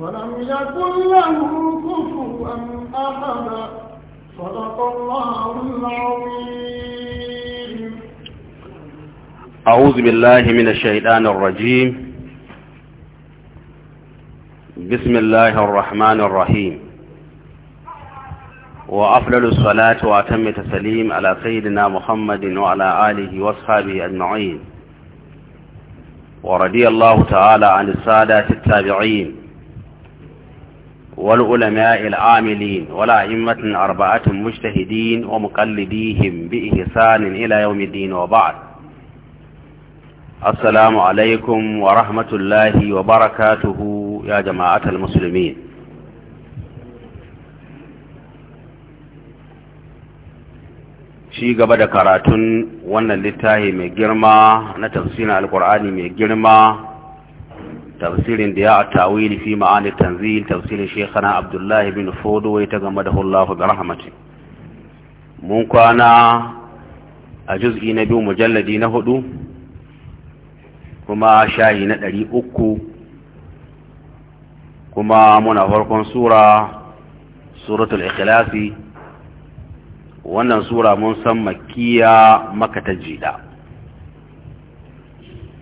ولم يكن له كفوا أحدا صدق الله العظيم أعوذ بالله من الشيطان الرجيم بسم الله الرحمن الرحيم وأفضل الصلاة وأتم التسليم على سيدنا محمد وعلى آله وأصحابه أجمعين ورضي الله تعالى عن السادة التابعين والعلماء العاملين والأئمة أربعة مجتهدين ومقلديهم بإحسان إلى يوم الدين وبعد السلام عليكم ورحمة الله وبركاته يا جماعة المسلمين shi gaba da karatun wannan littafi mai girma na tafsirin alkur'ani mai girma Tafsirin تفسير دياء التعويل في معاني التنزيل تفسير Abdullahi bin الله بن فود ويتغمده الله برحمته mun kwana a juz'i na biyu mujalladi na hudu kuma shayi na ɗari uku kuma muna farkon sura suratul ikhlasi wannan sura mun san makiya maka ta jida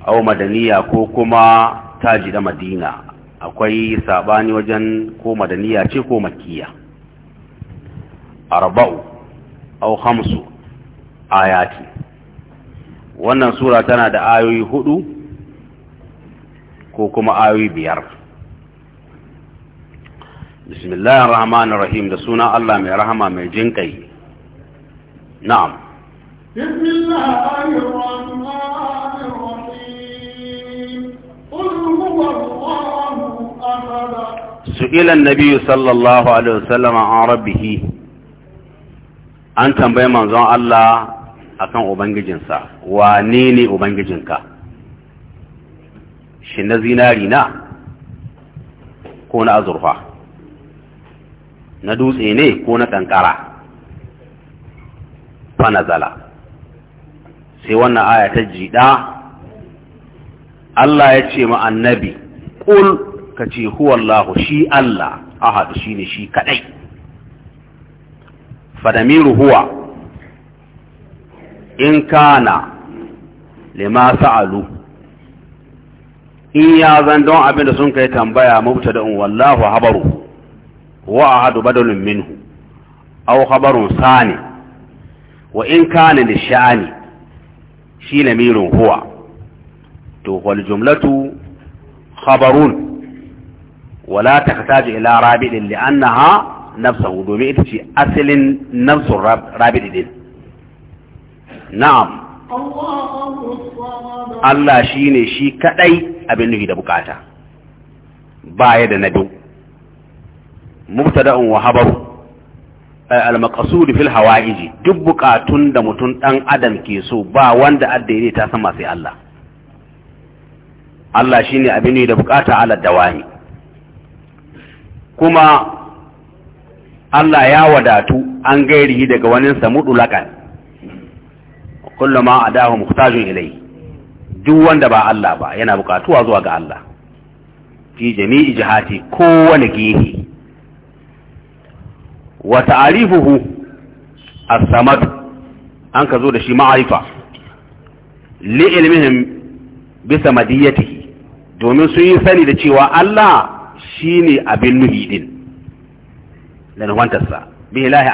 au madaniya ko kuma taji da madina akwai sabani wajen ko madaniya ce ko makiya arba'u au hamsu ayati wannan sura tana da ayoyi hudu ko kuma ayoyi biyar bismillahir rahmanir rahim da suna Allah mai rahama mai jinkai na'am bismillahir rahmanir سئل النبي صلى الله عليه وسلم عن ربه an tambayi manzon Allah akan ubangijinsa wane ne ubangijinka shi na zinari na ko na azurfa na dutse ne ko na kankara fanazala sai wannan aya ta jiɗa Allah ya ce ma annabi ƙul ka ce huwallahu shi Allah Ahadu shi ne shi kaɗai fadamiru huwa in kana lima sa'alu in ya zan don abin da sun kai tambaya mubta da wallahu habaru wa ahadu badalun minhu Au habarun sani wa in kana lishani shi lamirun huwa to waljumlatu jumlatu khabarun wala tahtaju ila rabidin li'annaha nafsuhu domin ita ce asalin nafsun rabid na'am Allah shine shi kaɗai abin nuhi da bukata baya da nabi mubtada'un wa habaru al-maqsud fil hawa'iji duk bukatun da mutum dan adam ke so ba wanda addaine ta sama sai Allah Allah shi ne abin da bukata ala dawami kuma Allah ya wadatu an gairihi daga wani samudu lakan kullum a dahu muktajin ilai duk wanda ba Allah ba yana bukatuwa zuwa ga Allah fi jami'i jihati kowane gehe wa ta'arifuhu as-samad an ka zo da shi ma'arifa li ilmihim bi samadiyatihi domin sun yi sani da cewa Allah shi ne abin nuhi din da nufantarsa bi ilahi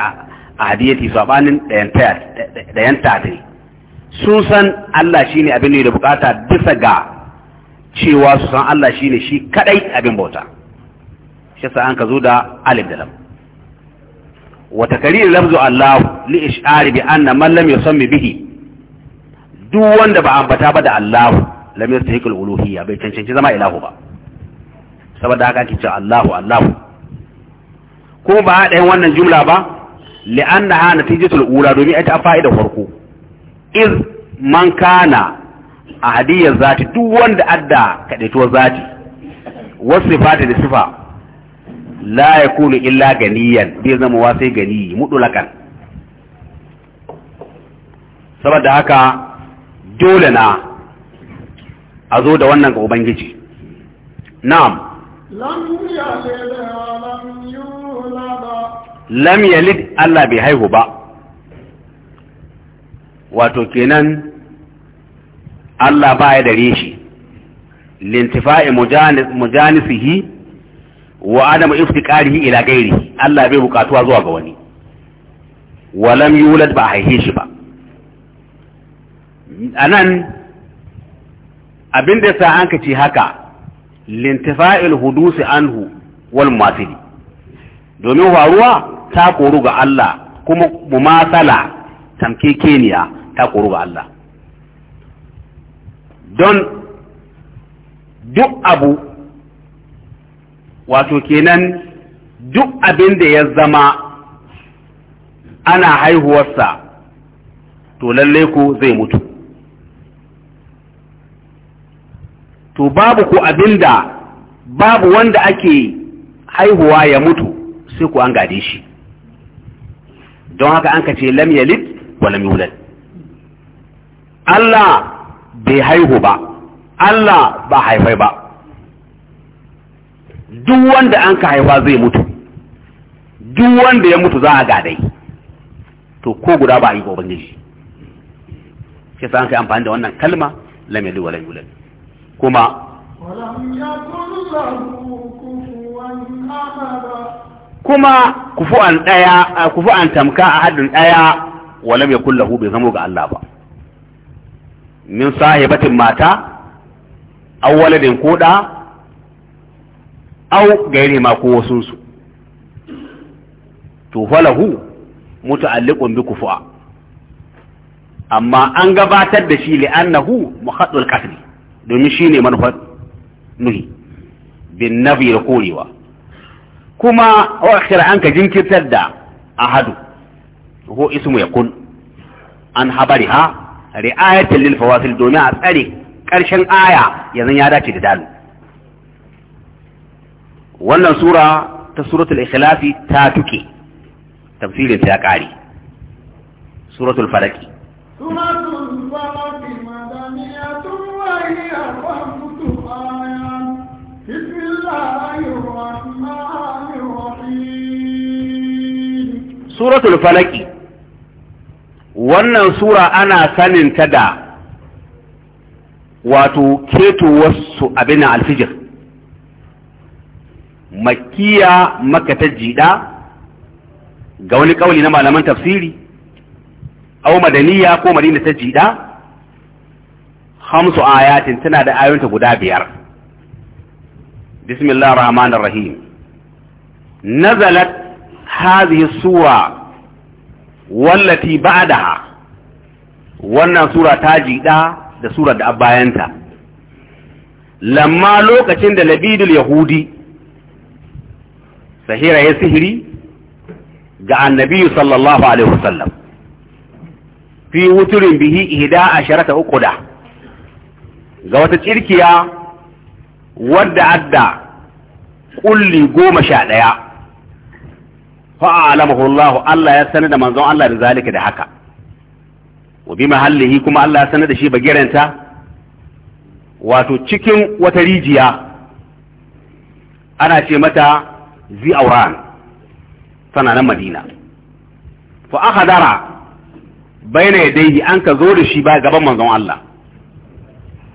a hadiyati sabanin ɗayan tatari sun san Allah shi ne abin nuhi da bukata bisa ga cewa su san Allah shi ne shi kaɗai abin bauta shi sa an ka zo da alif da lam wata karir lafzu Allah li ish'ari bi anna man lam yusammi bihi duk wanda ba ambata ba da Allah lam yastahiqul uluhiyya bai cancanci zama ilahu ba saboda haka ake cewa Allahu Allahu ko ba yin wannan jumla ba li'annaha natijatul ula domin ita fa'idar farko iz man kana ahadiyya zati duk wanda adda kadaituwar zati wasifati da sifa la yakunu illa ganiyan bai zama wa sai gani mutulakan saboda haka dole na a zo da wannan ga ubangiji na'am lam yalid Allah bai haihu ba wato kenan Allah baya da reshi lintifa'i mujanisihi wa adam iftiqarihi ila gairi. Allah bai bukatuwa zuwa ga wani walam yulad ba haihe shi ba nan. abin da sa an ce haka lintifa'il hudusi anhu wal mafili domin waruwa ta koru ga Allah kuma mumasala Keniya ta koru ga Allah don duk abu wato kenan duk abin da ya zama ana haihuwarsa to lallai ko zai mutu to babu ku abinda babu wanda ake haihuwa ya mutu sai ku an gade shi don haka an ka ce lam yalid wa lam yulad Allah bai haihu ba Allah ba haifai ba duk wanda an ka haifa zai mutu duk wanda ya mutu za a gadai to ko guda ba a yi ba ubangiji sai an kai amfani da wannan kalma lam yalid wa lam yulad kuma kuma kufu'an daya kufu'an tamka hadin daya walam yakul lahu bai zamo ga Allah ba min sahibatin mata aw waladin koda aw gairi ma ko wasun su to falahu muta'alliqun bi kufu'a amma an gabatar da shi annahu muhaddul qatl domin shi ne manufar nuhi bin nafi da korewa kuma wakil an ka jinkirtar da ahadu ko ismu ya kun an habari ha ri'ayatul lil fawasil domin a tsare karshen aya yanzu ya dace da dalu wannan sura ta suratul ikhlasi ta tuke tafsirin ta ya kare suratul falaki suratul falaki wannan sura ana sanin ta da wato ketowarsu abin alfijir makiya maka ta jida ga wani ƙauni na malaman tafsiri au madaniya ko madina ta jida hamsu ayatin tana da ayoyinta guda biyar بسم Nazalat الرحمن الرحيم نزلت هذه السورة wannan sura ta jiɗa da sura da bayanta lamma lokacin da labidul yahudi sahira ya sihiri ga annabi sallallahu alaihi fi wuturin bihi ihda asharata da ga wata cirkiya wadda adda kulli goma sha ɗaya fa'alamahu Allah Allah ya sanar da manzon Allah da zalika da haka wa bi mahallihi kuma Allah ya sanar da shi bagiranta wato cikin wata rijiya ana ce mata zi auran tana nan Madina fa akhadara bayna yadayhi an ka zo da shi ba gaban manzon Allah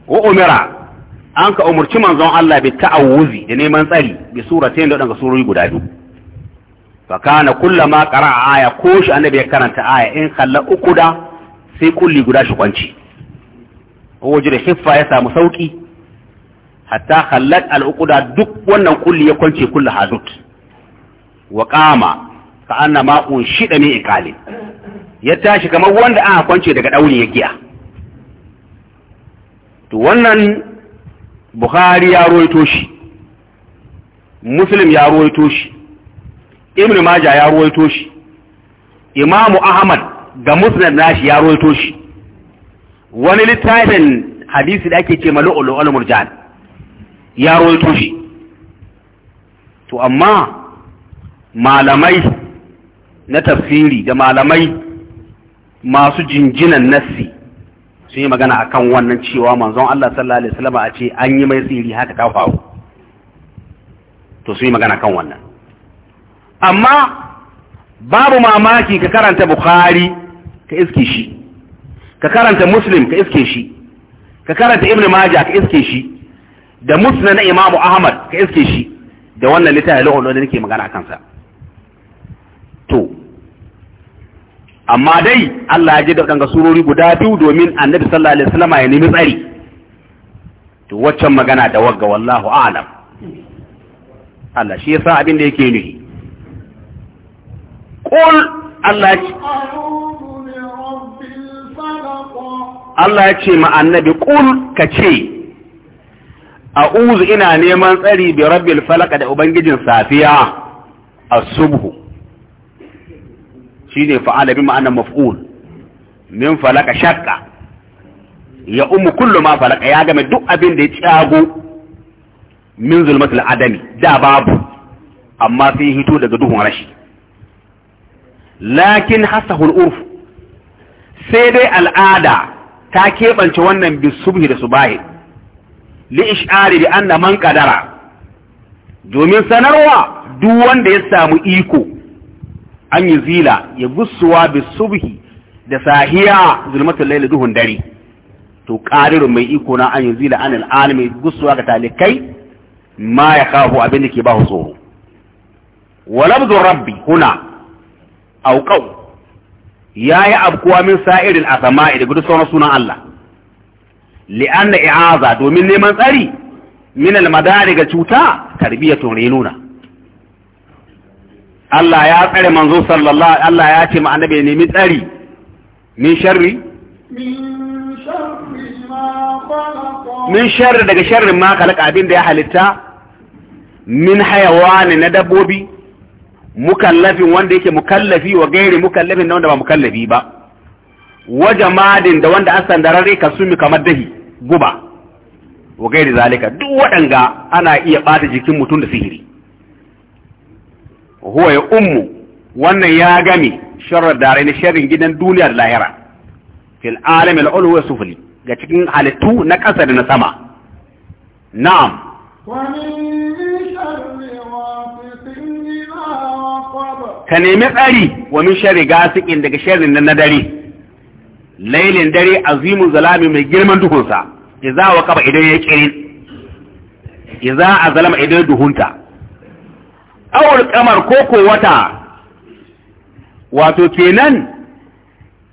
wa umira an ka umurci manzon Allah bi ta'awuzi da neman tsari bi suratain da daga surori guda biyu fa kana kullama qara'a aya ko shi annabi ya karanta aya in kalla uku da sai kulli guda shi kwanci da hiffa ya samu sauki hatta khallat al-uquda duk wannan kulli ya kwance kullu hazut wa qama ka un shida ne iqalin ya tashi kamar wanda aka kwance daga dauri ya giya to wannan bukhari ya ruwaito shi muslim ya ruwaito shi ibn majah ya ruwaito shi imamu ahmad ga musnad nashi ya ruwaito shi wani littafin hadisi da ake ce malu'ulu al-murjan ya ruwaito shi to amma malamai na tafsiri da malamai masu jinjinan nassi sun yi magana a kan wannan cewa manzon Allah sallallahu alaihi wasallam a ce an yi mai tsiri haka ta faru to sun yi magana kan wannan amma babu mamaki ka karanta bukhari ka iske shi ka karanta muslim ka iske shi ka karanta ibn majah ka iske shi da musna na imamu ahmad ka iske shi da wannan littafin lokacin da nake magana a kansa to amma dai Allah ya ji da waɗanga surori guda biyu domin annabi sallallahu alaihi wasallam ya nemi tsari to waccan magana da wagga wallahu a'lam Allah shi yasa abin da yake nuhi qul Allah Allah ya ce ma annabi qul ka ce a'udhu ina neman tsari bi rabbil falaq da ubangijin safiya as-subhu shine fa'ala bi ma'anan maf'ul min falaka shaqqa ya umu kullu ma falaka ya game duk abin da ya cago min zulmatul adami da babu amma sai hito daga duhun rashi lakin hasahul urf sai dai al'ada ta keɓance wannan bisubhi da subahi li ish'ari bi an man qadara domin sanarwa duk wanda ya samu iko an yi zila ya gussuwa bi subhi da sahiya zulmatul layli duhun dare to qadirun mai iko na an yi zila an al'alimi gussuwa ga talikai ma ya kafu abin da ke ba tsoro walabdu rabbi huna auqau yayi abkuwa min sa'iril asama'i da gudu sauran sunan Allah li'anna i'aza domin neman tsari min al madari ga cuta tarbiyatun nuna. Allah ya tsare manzo sallallahu Allah ya ce ma annabi nemi tsari min sharri min sharri daga sharrin ma kalaka abin da ya halitta min hayawani na dabbobi mukallafin wanda yake mukallafi wa gairi mukallafin da wanda ba mukallafi ba wa jamadin da wanda an sandararre ka sumi kamar dahi guba wa gairi zalika duk waɗanga ana iya bata jikin mutum da sihiri huwa ya ummu wannan ya gami sharar dare na sharrin gidan duniya da lahira fil alamil ulu wa sufli ga cikin halittu na ƙasa da na sama na'am ka nemi tsari wa min sharri gasikin daga sharrin nan na dare lailin dare azimu zalami mai girman duhunsa idza wa qaba idan ya kirin idza azlama idan duhunta awul kamar koko wata wato kenan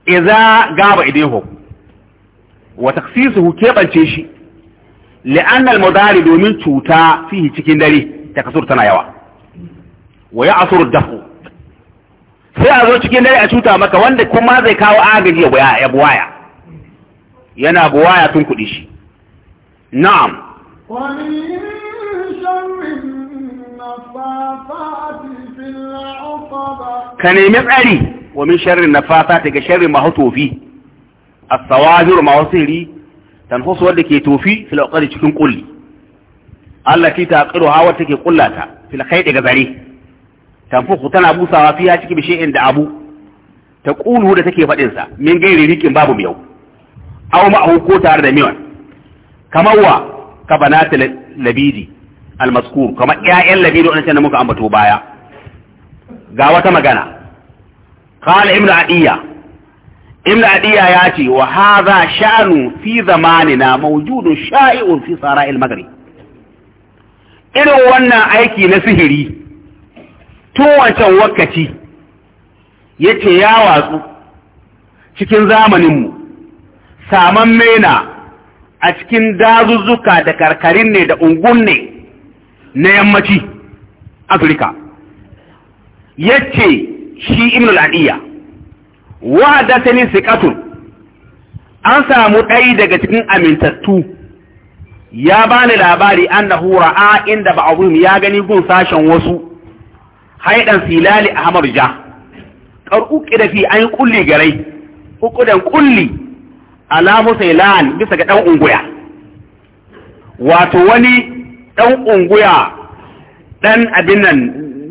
idza gaba idahu wa taksisuhu kebance shi li'anna al-mudari domin cuta fihi cikin dare kasur tana yawa wa ya'sur dafu sai a zo cikin dare a cuta maka wanda kuma zai kawo agaji ya buwaya yana buwaya tun kudi shi na'am ka nemi tsari wa min sharrin nafasa daga sharrin masu tofi as-sawazir ma wasiri tanfusu wadda ke tofi fil cikin kulli Allah ki taqiru hawa take kullata fil khaydi zare tanfuku tana busawa fiya cikin bishiyin da abu ta qulu da take faɗinsa. sa min gairi rikin babu miyau aw ma ko tare da miyan kamar wa ka labidi almaskur kamar ƴaƴan labidu an da muka ambato baya ga wata magana qala ibnu adiya ibnu adiya ya ce wa hadha sha'nu fi zamanina mawjudun sha'i'un fi sara'il maghrib irin wannan aiki na sihiri tun wancan wakati yace ya watsu cikin zamaninmu saman mena a cikin dazuzzuka da karkarin ne da ungun ne na yammaci afirka ya ce shi ibn al'adiyya wa haddasani siqatun an samu ɗaya daga cikin amintattu ya bani labari an hura A inda abu ya gani gun sashen wasu haidan silali hamar ja qaruqi da fi an ƙulli garai ƙulli kulli sai musailan bisa ga ɗan unguya wato wani ɗan unguya ɗan abin nan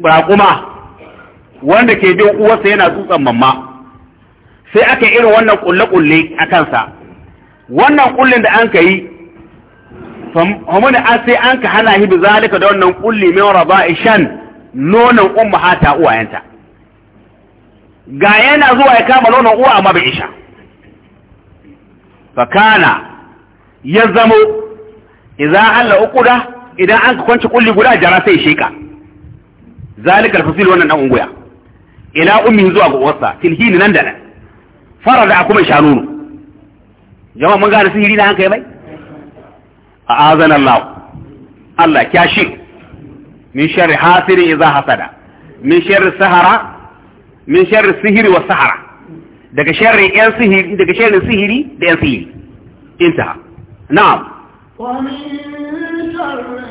raƙuma wanda ke bin uwarsa yana tsutsan mamma sai aka irin wannan ƙulle-ƙulle a kansa wannan ƙullin da an ka yi hamunan sai an ka hana hibi zalika da wannan ƙulli min raba ishan nonon umma hata uwayenta ga yana zuwa ya kama nonon uwa amma bai isha fakana ya zamo iza Allah da. idan an kwanci kulli guda jara sai sheka zalikal fasil wannan dan unguya ila ummi zuwa ga uwarsa tilhin nan da nan farada kuma shanunu jama'a mun gane sihiri na kai bai a azan Allah Allah kyashi min sharri hasiri idza hasada min sharri sahara min sharri sihiri wa sahara daga sharri yan sihiri daga sharri sihiri da yan sihiri inta na'am ومن شر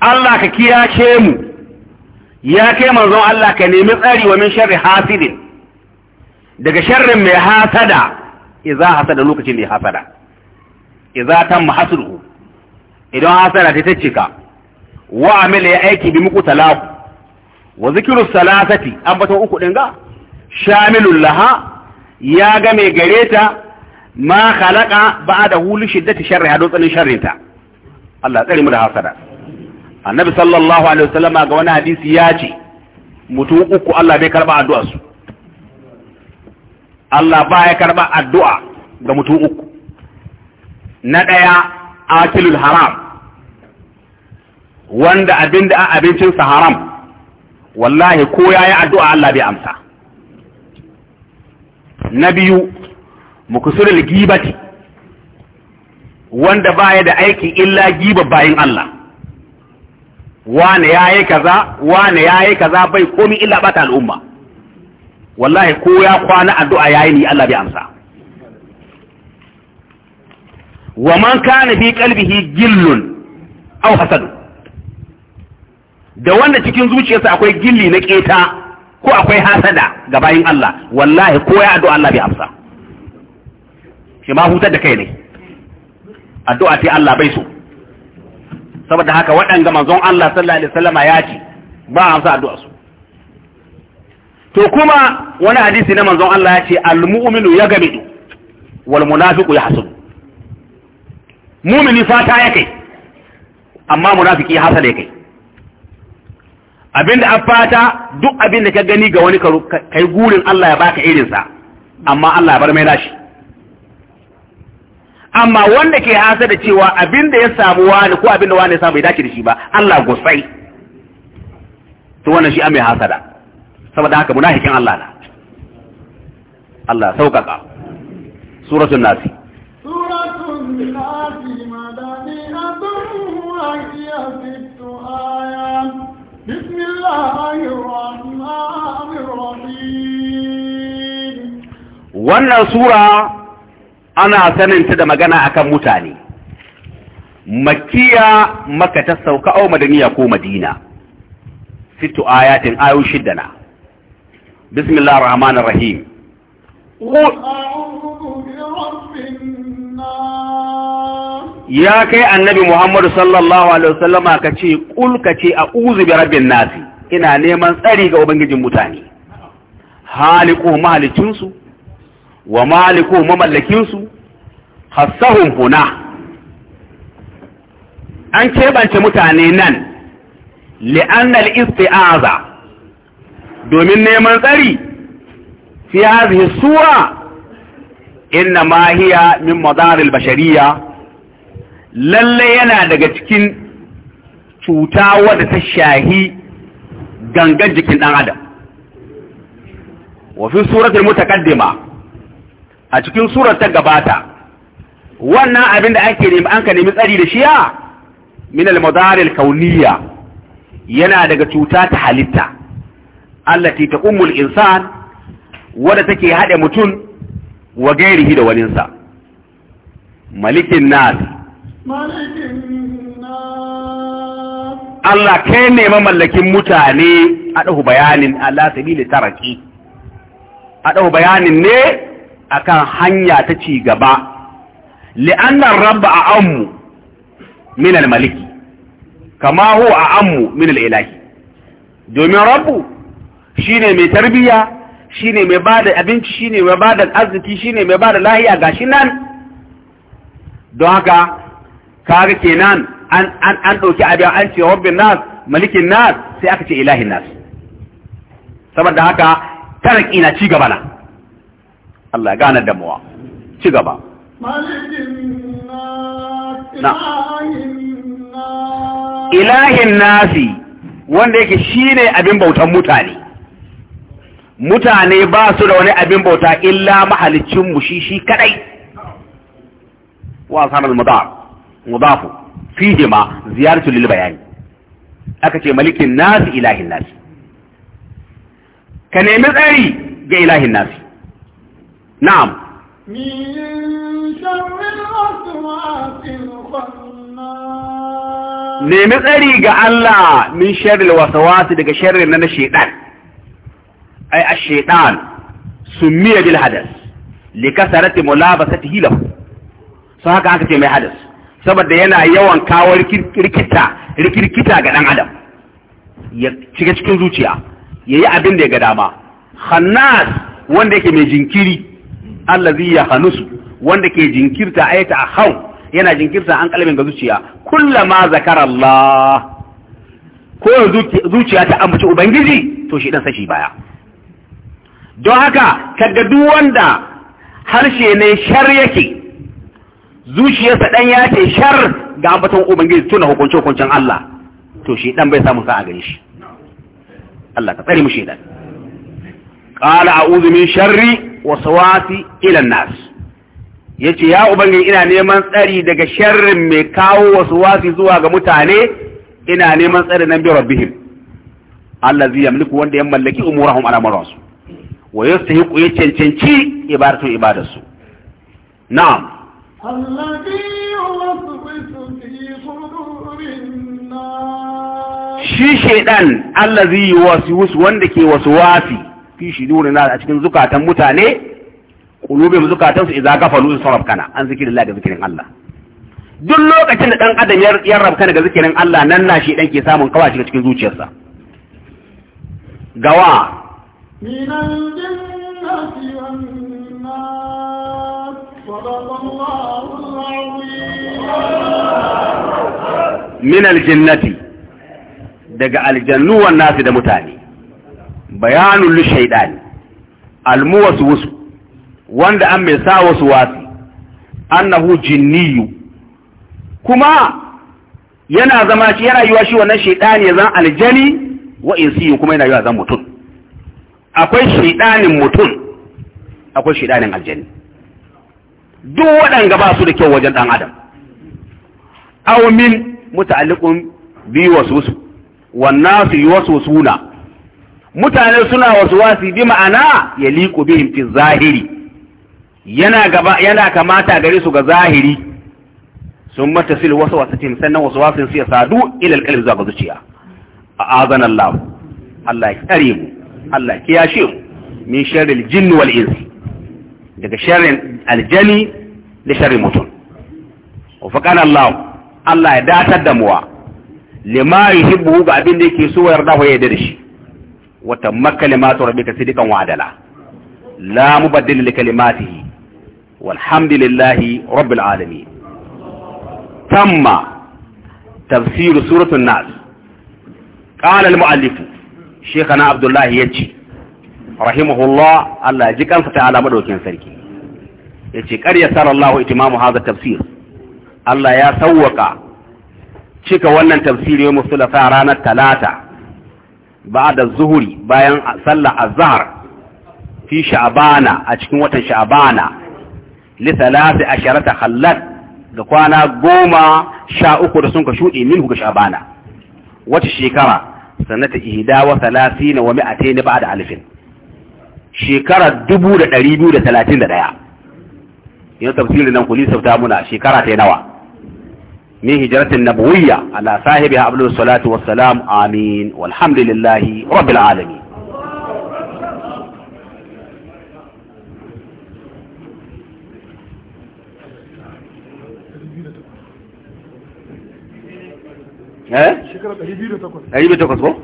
Allah ka kiyace mu ya kai manzon Allah ka nemi tsari wa min sharri hasidin daga sharrin mai hasada idza hasada lokacin da ya hasada idza tamma hasruhu idan hasada ta ka wa amila ya aiki bi muku talaku wa zikru salasati ambaton uku din ga shamilul laha ya ga mai gareta ma khalaqa ba'da hulu shiddati sharri hadu tsanin sharrinta Allah tsare mu da hasada annabi sallallahu alaihi wasallama ga wani hadisi ya ce mutum uku Allah bai karba addu'a su Allah ba ya karba addu'a ga mutum uku na daya akilul haram wanda abinda a abincin sa haram wallahi ko ya yi addu'a Allah bai amsa na biyu mukusurul gibati wanda baya da aikin illa giba bayin Allah wane ya yi kaza wane ya yi kaza bai komi illa bata al'umma wallahi ko ya kwana addu'a yayi ni Allah bai amsa wa man kana bi qalbihi gillun aw hasad da wanda cikin zuciyarsa akwai gilli na keta ko akwai hasada ga bayin Allah wallahi ko ya addu'a Allah bai amsa shi ma hutar da kai ne addu'a ta Allah bai so saboda haka waɗanga manzon Allah sallallahu alaihi wasallama ya ce ba a amsa addu'a su to kuma wani hadisi na manzon Allah ya ce al-mu'minu yagmidu wal munafiqu yahsudu mu'mini fata yake amma munafiki hasale kai abinda an fata duk abinda ka gani ga wani karu kai gurin Allah ya baka irinsa amma Allah ya bar mai nashi amma wanda ke hasa da cewa abin da ya samu wani ko abin da wani ya samu bai dace da shi ba Allah gusai to wannan shi amai hasada saboda haka munafikin Allah na Allah sauƙaƙa suratul nasi suratul nasi madaniyatun wa bismillahir rahmanir rahim wannan sura ana saninta da magana akan mutane makiya maka ta sauka au madaniya ko madina sittu ayatin ayu shiddana bismillahir rahmanir rahim ya kai annabi muhammadu sallallahu alaihi wasallama ka ce kul ka ce a uzu bi rabbin nasi ina neman tsari ga ubangijin mutane haliku mahalicinsu wa maliku mamallakinsu hassahun huna an keɓance mutane nan li'annal isti'aza domin neman tsari fi hazihi sura inna ma hiya min madaril bashariya lalle yana daga cikin cuta wadda ta shahi gangan jikin ɗan adam wa fi suratul mutaqaddima a cikin surar ta gabata wannan abin da ake nemi an ka nemi tsari da shiya min al-madaril kauniyya yana daga cuta ta halitta allati taqumul insan wadda take haɗa mutum wa gairihi da waninsa malikin nas Allah kai ne mamallakin mutane a ɗahu bayanin Allah sabili taraki a ɗahu bayanin ne akan hanya ta ci gaba li'annar rabba a anmu min al-maliki kama a anmu min al-ilahi domin rabbu shine mai tarbiya shine mai bada abinci shine mai bada arziki shine mai bada lahiya gashi nan don haka kaga kenan an an an dauki abin an ce rabbin nas malikin nas sai aka ce ilahin nas saboda haka tarki na ci gaba na Allah ya gane damuwa ci gaba ilahin nasi wanda yake shine abin bautan mutane mutane ba su da wani abin bauta illa mahalicin mu shi shi kadai wa sanar mudaf mudafu ma ziyaratu lil bayani aka ce malikin nasi ilahin nasi ka nemi tsari ga ilahin nasi na'am nemi tsari ga Allah min sharril waswasi daga sharrin na na ai ay ash sun miya bil hadas likasarati mulabasatihi lahu so haka aka ce mai hadas saboda yana yawan kawo rikirkita ga ɗan adam ya shiga cikin zuciya yayi abin da ya ga dama khannas wanda yake mai jinkiri allazi ya hanusu wanda ke jinkirta ayata a hau yana jinkirta an kalbin ga zuciya kullama zakarallah ko zuciya ta ambaci ubangiji to shi dan sashi baya don haka kaga duk wanda harshe ne shar yake zuciyarsa dan ya ce shar ga ambaton ubangiji tuna hukuncin hukuncin Allah to shi dan bai samu sa'a gare shi Allah ka tsare mu shi dan qala a'udhu min sharri wasawasi ila nas yace ya ubangin ina neman tsari daga sharrin mai kawo wasawasi zuwa ga mutane ina neman tsari nan bi rabbihim allazi yamliku wanda ya mallaki umurahum al'amuransu wa yastahiqu ya cancanci ibadatu ibadarsu na'am shi shaidan allazi wasu wanda ke wasu wafi fi duni na a cikin zukatan mutane qulubihim zukatansu idza gafalu kana an Allah da zikirin Allah duk lokacin da dan adam ya rabka daga zikirin Allah nan na shi dan ke samun shi cikin zuciyarsa gawa jannati min aljannati daga aljannu wan nasu da mutane bayanun lishaidani almuwasu wasu wanda an mai sa wasu wasi annahu jinniyu kuma yana zama shi yana yiwa shi wannan ya zan aljani wa insiyu kuma yana yiwa zan mutum akwai shaidanin mutum akwai shaidanin aljani duk waɗanga ba su da kyau wajen ɗan adam aw min muta'alliqun bi wasu wannan su yi wasu suna mutane suna wasu wasi bi ma'ana ya liku bihim fi zahiri yana gaba yana kamata gare su ga zahiri sun mata matasil wasu wasu wasatin sannan wasu wasu sun siya sadu ila alqalbi zuwa ga zuciya a'azana Allah Allah ya tsare mu Allah ya yashe mu min sharril jinn wal insi daga sharrin aljani da sharrin mutum wa faqana Allah Allah ya datar da muwa lima yuhibbu ga abin da yake so yarda ko yadda da shi wata makalimatu rabbika sidikan wa adala la mubaddil li kalimatihi walhamdulillahi rabbil alamin tamma tafsir suratul nas qala al muallif shaykhana abdullah yace rahimahullah Allah ji kansa ta alama dokin sarki yace qarya sallallahu itimamu hadha tafsir Allah ya sawwaka cika wannan tafsiri ya musulafa ranar talata ba da zuhuri bayan sallar azhar fi sha'bana a cikin watan sha'bana li thalathi asharata khallat da kwana goma sha uku da sun ka shuɗe min ga sha'bana wata shekara sanata ihda wa thalathina wa mi'atayn ba'da alfin shekara 1231 yana tafsirin nan kuli sauta muna shekara ta nawa من هجرة نبوية على صاحبها قبل الصلاة والسلام آمين والحمد لله رب العالمين ɗari biyu takwas الله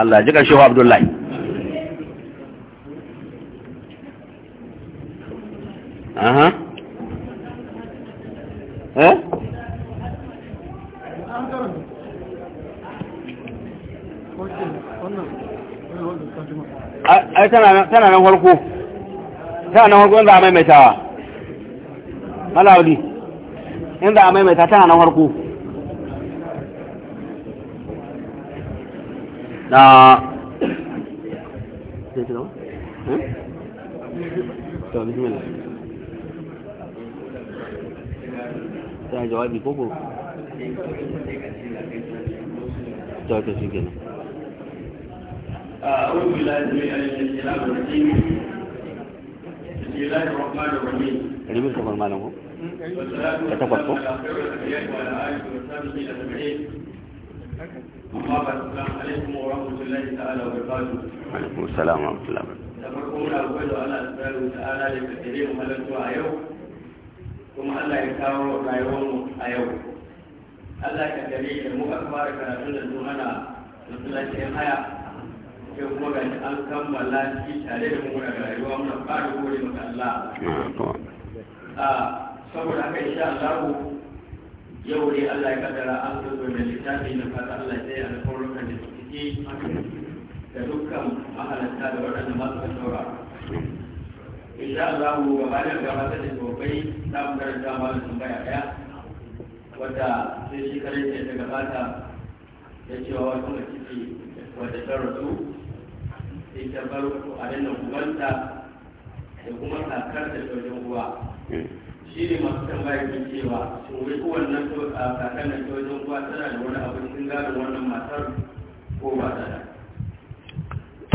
Allah jikan عبد الله اها eh ai tana nan farko tana nan farko inda a maimaitawa malawudi inda a maimaita tana nan farko na eh? to bismillah ta jawabi koko ta wata shi gina a wani wula ne a yi da ke labarai ne a ke labarai ne a ke labarai ne a ke labarai ne a ke labarai ne a ke labarai ne a ke labarai ne a ke labarai ne a kuma Allah ya kawo rayuwarmu a yau Allah ya gare da mu aka fara karatun da su ana masallacin haya sai kuma ga an kammala shi tare da mu daga rayuwa muna fara gode maka Allah saboda haka insha Allah yau ne Allah ya kaddara an zo da littafi na fata Allah sai a alƙawarin da suke da dukkan mahalarta da waɗanda masu saurara insha Allah mu gaba da gaba da gobai za mu karanta ma da tambaya daya Wadda sai shi kare ne daga fata ya ce wa wata mace wanda ta rasu sai ta bar a danna ubanta da kuma kakar da wajen uwa shi ne masu tambaya ke cewa shin wai wannan kakar da wajen uwa tana da wani abin sun gane wannan matar ko ba ta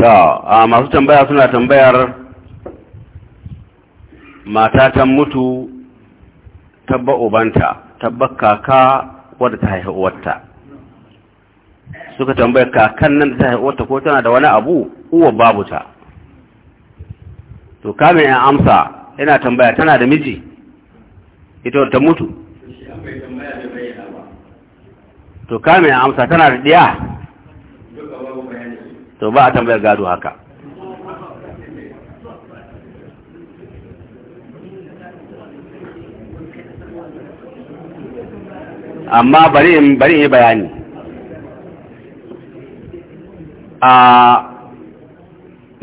da ta masu tambaya suna tambayar mata ta mutu tabba ubanta tabba kaka wadda ta haifi uwarta suka tambaya kakan nan da ta haifi uwarta ko tana da wani abu uwa babu ta to kame yan amsa yana tambaya tana da miji ita ta mutu to kame yan amsa tana da diya to ba a tambayar gado haka amma bari in bari yi bayani a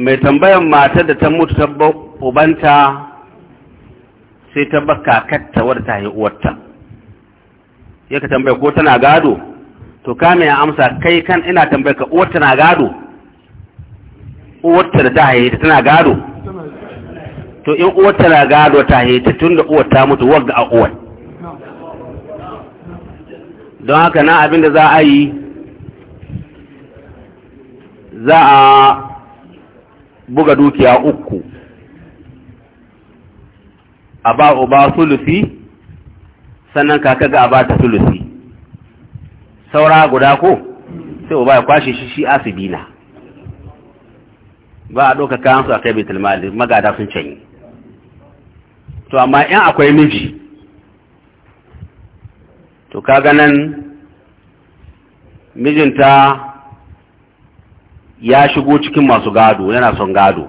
mai tambayan matar da ta mutu ta ubanta sai ta ba kakatta wadda ta uwarta ya ka tambaya ko tana gado to kame ya amsa kai kan ina tambaya ka uwarta na gado uwarta da ta haihe ta tana gado to in uwarta na gado ta haihe ta tun da uwarta mutu wagga a uwar don haka na abin da za a yi za a buga dukiya uku a ba uba sulusi sannan kaka ga a ba ta sulusi saura guda ko sai uba ya kwashe shi shi asibina ba a ɗauka kayansu a kai bitul magada sun canyi to amma in akwai miji to ka ganan mijinta ya shigo cikin masu gado yana son gado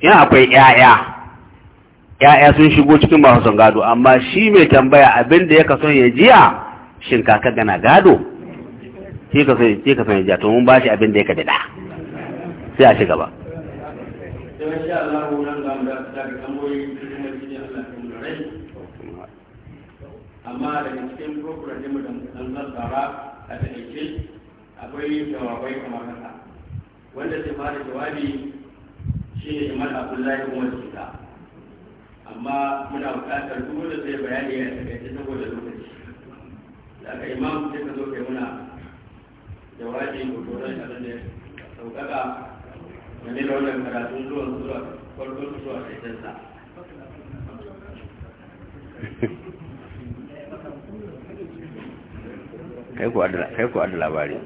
in akwai 'ya'ya ‘ya'ya sun shigo cikin masu son gado amma shi mai tambaya abin da ya kason ya jiya shin kaka gana gado sai ka son ya jiya to mun ba shi abin da ya daɗa, sai a shiga ba. amma daga cikin ne mu da tsara a taƙaice akwai jawabai kamar haka wanda zai fara jawabi shi ne imar abdullahi da jika amma muna buƙatar duk wanda zai bayani ya taƙaice saboda lokaci daga imam sai ka zo kai muna jawabi ko tsoron abin da sauƙaƙa wani launin karatun zuwa zuwa farkon zuwa Thank you. kai ku adda labari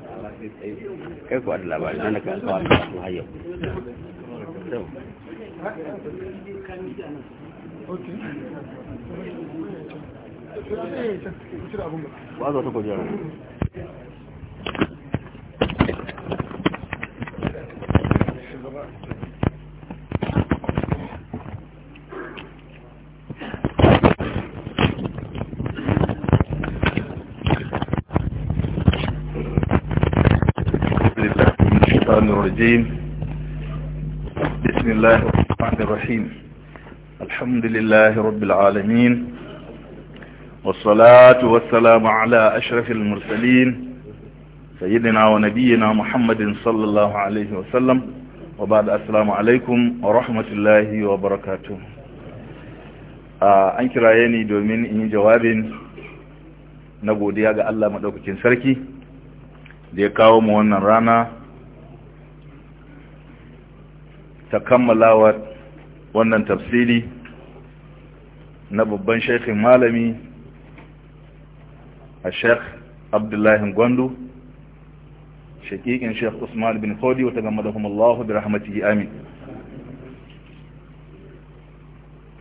kai ku adda labari nan da kawo su ba za ta kujera الرجيم بسم الله الرحمن الرحيم الحمد لله رب العالمين والصلاة والسلام على أشرف المرسلين سيدنا ونبينا محمد صلى الله عليه وسلم وبعد السلام عليكم ورحمة الله وبركاته an kiraye ni domin in yi jawabin na godiya ga Allah maɗaukakin sarki da ya kawo mu wannan rana ta kammalawar wannan tafsiri na babban shekin malami a sheikh abdullahi gwandu shakikin sheikh usman bin khodi wata gama da kuma allahu da rahmatihi amin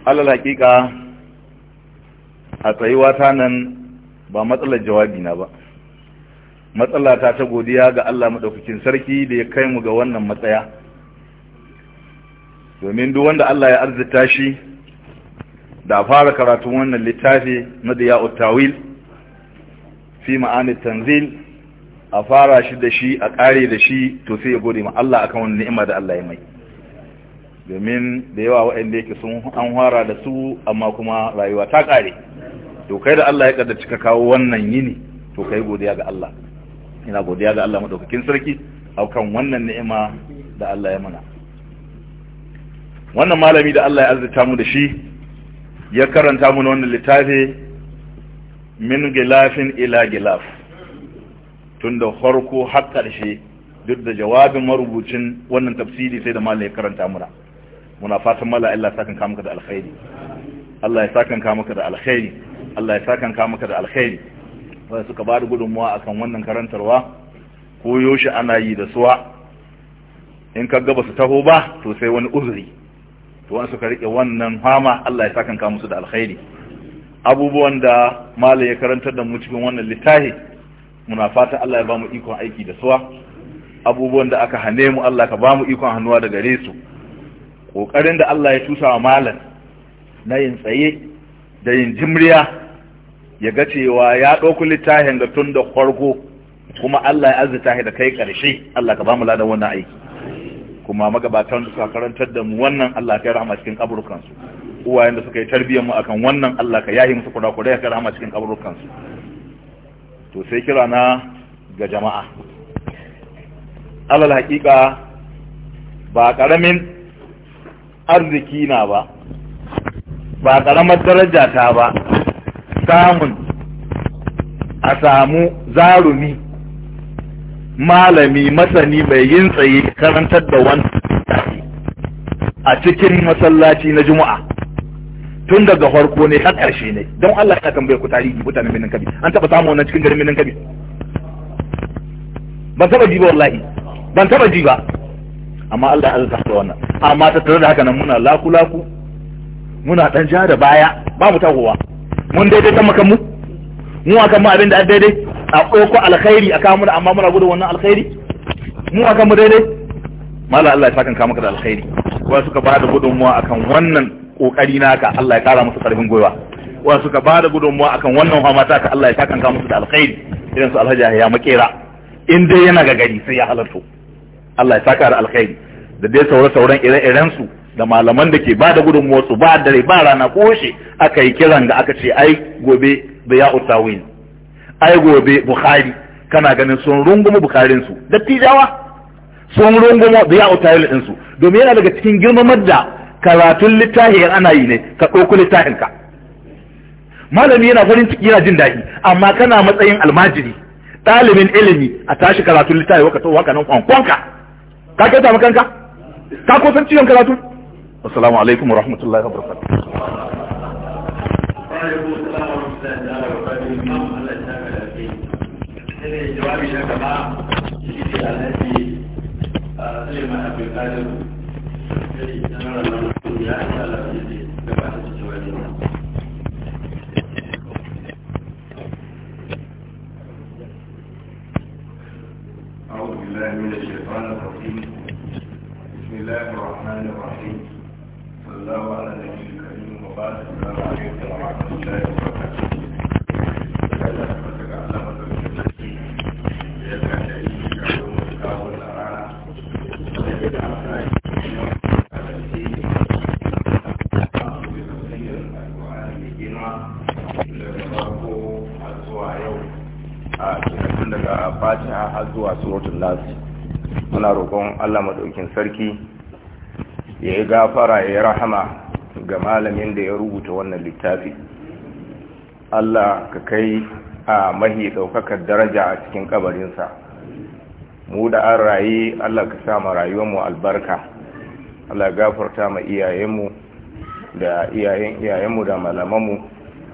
ala hakika a tsayuwa ta nan ba matsalar jawabi na ba matsala ta ta godiya ga Allah maɗaukakin sarki da ya kai mu ga wannan matsaya domin duk wanda Allah ya arzita shi da fara karatun wannan littafi na diya'ut tawil fi ma'anin tanzil a fara shi da shi a ƙare da shi to sai ya gode ma Allah akan wannan ni'ima da Allah ya mai domin da yawa waɗanda yake sun an fara da su amma kuma rayuwa ta ƙare to kai da Allah ya kaddar cika kawo wannan yini to kai godiya ga Allah ina godiya ga Allah madaukakin sarki akan wannan ni'ima da Allah ya mana wannan malami da Allah ya arzita mu da shi ya karanta mu wannan littafi min gilafin ila gilaf tun da farko har ƙarshe duk da jawabin marubucin wannan tafsiri sai da malami ya karanta mura muna fatan mala Allah ya sakan ka maka da alkhairi Allah ya sakan ka maka da alkhairi Allah ya sakan ka maka da alkhairi wanda suka ba da gudunmuwa akan wannan karantarwa koyo shi ana yi da suwa in ka gaba su taho ba to sai wani uzuri to wani suka rike wannan fama Allah ya sakan musu da alkhairi abubuwan da malam ya karantar da mu cikin wannan littafi muna fata Allah ya bamu ikon aiki da suwa abubuwan da aka hane mu Allah ka bamu ikon hannuwa da gare su kokarin da Allah ya tusa wa malam na yin tsaye da yin jimriya ya ga cewa ya ɗauki littafin ga tun da farko kuma Allah ya azurta da kai ƙarshe Allah ka bamu ladan wannan aiki kuma magabatan da suka karantar da mu wannan Allah ka rahama cikin kaburukan su uwayen da suka yi tarbiyyar mu akan wannan Allah ka yahi musu kurakurai ya rahama cikin kaburukan su to sai kira na ga jama'a alal haƙiƙa ba ƙaramin arziki na ba ba karamar daraja ta ba samun a samu zarumi malami masani mai yin tsaye karantar da wani a cikin masallaci na juma'a tun daga farko ne har ƙarshe ne don Allah ya tambaye ku tarihi mutanen birnin Kabi an taba samu wannan cikin garin birnin Kabi ban taba ji ba wallahi ban taba ji ba amma Allah ya azza ta wannan amma tattare da haka nan muna laku laku muna dan ja da baya ba mu tagowa mun daidai ta makamu mu akan mu abin da daidai a ɗauko alkhairi a kawo muna amma muna gudun wannan alkhairi mu a mu daidai mala Allah ya sakan kama ka da alkhairi wa suka ba da gudunmuwa akan wannan kokari naka Allah ya kara musu karfin gwiwa wa suka ba da gudunmuwa akan wannan hamata ka Allah ya sakan kama musu da alkhairi irin su Alhaji ya makera in dai yana ga gari sai ya halarto Allah ya saka da alkhairi da dai sauran sauran ire-iren su da malaman da ke ba da gudunmuwa su ba dare ba rana koshe aka yi kiran da aka ce ai gobe da ya utawin ai gobe bukhari kana ganin sun rungumo bukharin su dattijawa sun rungumo da ya utayil din su domin yana daga cikin girmamar da karatun littafi ana yi ne ka ɗauko littafin ka malami yana farin ciki yana jin daɗi amma kana matsayin almajiri ɗalibin ilimi a tashi karatun littafi waka waka nan kwankwanka ka kyauta kanka ka san ciwon karatu assalamu alaikum wa rahmatullahi wa barakatuh babu shakka ma shi ce alhaji a sulaiman abdulkadir sai sanar da wani ya ce alhaji ne gaba أعوذ بالله من الشيطان الرجيم بسم الله الرحمن الرحيم صلى الله على النبي الكريم وبارك السلام عليكم ورحمة الله وبركاته nasu muna roƙon Allah maɗaukin sarki ya yi gafara ya yi rahama ga malamin da ya rubuta wannan littafi Allah ka kai a mahi ɗaukakar daraja a cikin ƙabarinsa. mu da an rayu Allah ka sa mu albarka Allah gafarta ma iyayenmu da iyayen iyayenmu da malamanmu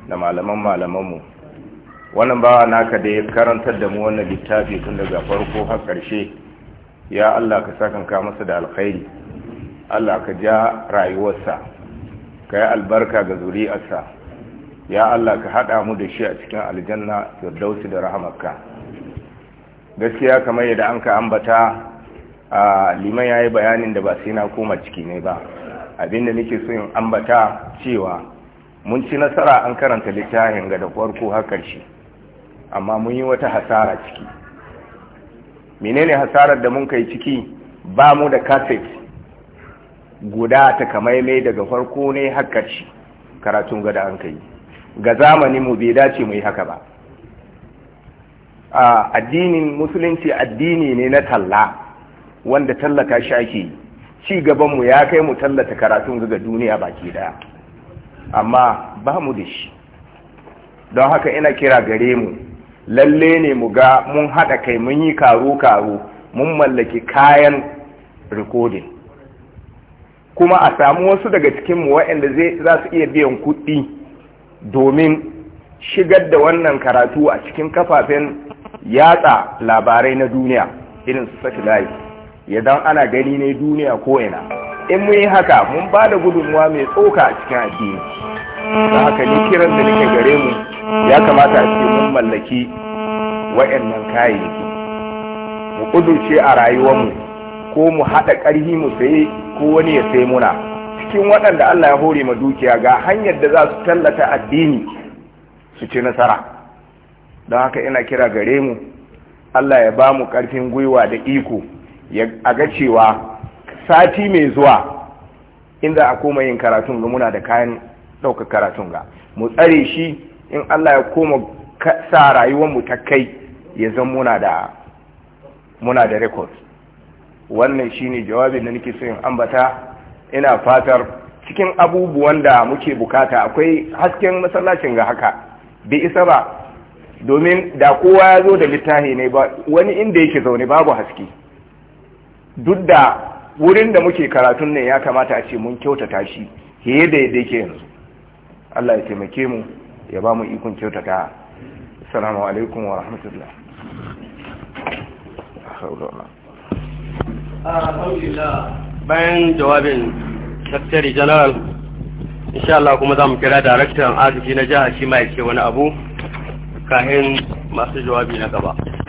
da malaman malamanmu wannan bawa naka da ya karantar da mu wannan littafi tun daga farko har ƙarshe ya Allah ka saka ka masa da alkhairi Allah ka ja rayuwarsa ka yi albarka ga zuri'arsa ya Allah ka haɗa mu da shi a cikin aljanna firdausi da rahamarka gaskiya kamar yadda an ka ambata a liman ya yi bayanin da ba sai na koma ciki ne ba abinda nake so in ambata cewa mun ci nasara an karanta littafin ga da farko har ƙarshe amma mun yi wata hasara ciki menene hasarar da mun kai ciki ba mu da kaset guda ta daga farko ne hakkaci karatun gada an kai ga zamani mu bai dace mu yi haka ba addinin musulunci addini ne na talla wanda tallata shi ake yi ci gabanmu ya kai mu tallata karatun ga duniya baki daya amma ba mu da shi don haka ina kira gare mu lalle ne mu ga mun haɗa kai mun yi karo-karo mun mallaki kayan rikodin kuma a samu wasu daga cikinmu waɗanda za su iya biyan kuɗi domin shigar da wannan karatu a cikin kafafen yatsa labarai na duniya irin su satellite idan ana gani ne duniya ko ina in mun yi haka mun ba da gudunmuwa mai tsoka a cikin addini da haka ne kiran da nake gare mu ya kamata a ce mun mallaki wa'annan kayayyaki mu kudurce a rayuwar mu, ko mu haɗa ƙarfi mu saye ko wani ya sai muna cikin waɗanda Allah ya hore ma dukiya ga hanyar da za su tallata addini su ci nasara don haka ina kira gare mu Allah ya ba mu ƙarfin gwiwa da iko a ga cewa sati mai zuwa inda a koma yin karatun ga muna da kayan ɗaukar karatun ga mu tsare shi in Allah ya koma sa rayuwar mu ta kai ya zan muna da muna da record wannan shine jawabin da nake so in ambata ina fatar cikin abubuwan da muke bukata akwai hasken masallacin ga haka bai isa ba domin da kowa ya zo da littafi ne ba wani inda yake zaune babu haske duk da wurin da muke karatun ne ya kamata a ce mun kyautata shi fiye da yadda yake yanzu Allah ya taimake mu ya ba mu ikon kyautata salamu alaikum wa rahmatullah bayan jawabin sakatari general insha Allah kuma za mu kira daraktan arziki na jihar shi ma yake wani abu kahin masu jawabi na gaba